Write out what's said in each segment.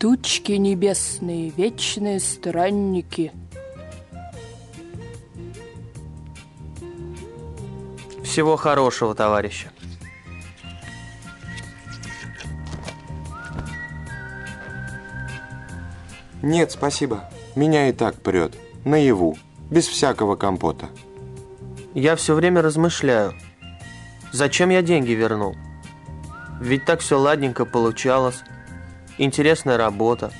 Тучки небесные, вечные странники. Всего хорошего, товарищи. Нет, спасибо. Меня и так прет. Наяву. Без всякого компота. Я все время размышляю. Зачем я деньги вернул? Ведь так все ладненько получалось интересная работа,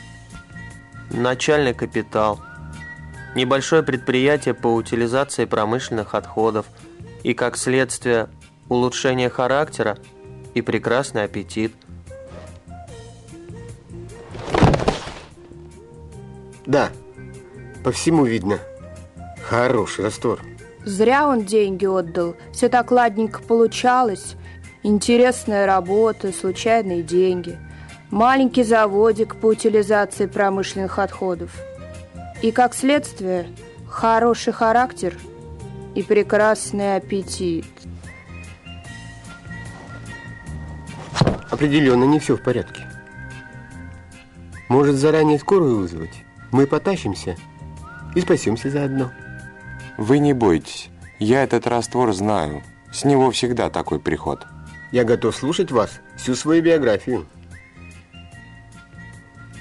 начальный капитал, небольшое предприятие по утилизации промышленных отходов и, как следствие, улучшение характера и прекрасный аппетит. Да, по всему видно. Хороший раствор. Зря он деньги отдал. Все так ладненько получалось. Интересная работа, случайные деньги – маленький заводик по утилизации промышленных отходов. И, как следствие, хороший характер и прекрасный аппетит. Определенно не все в порядке. Может, заранее скорую вызвать? Мы потащимся и спасемся заодно. Вы не бойтесь. Я этот раствор знаю. С него всегда такой приход. Я готов слушать вас всю свою биографию.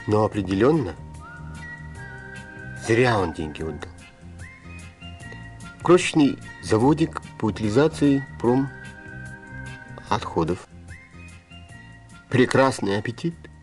Но определенно зря он деньги отдал. Крошечный заводик по утилизации пром отходов. Прекрасный аппетит –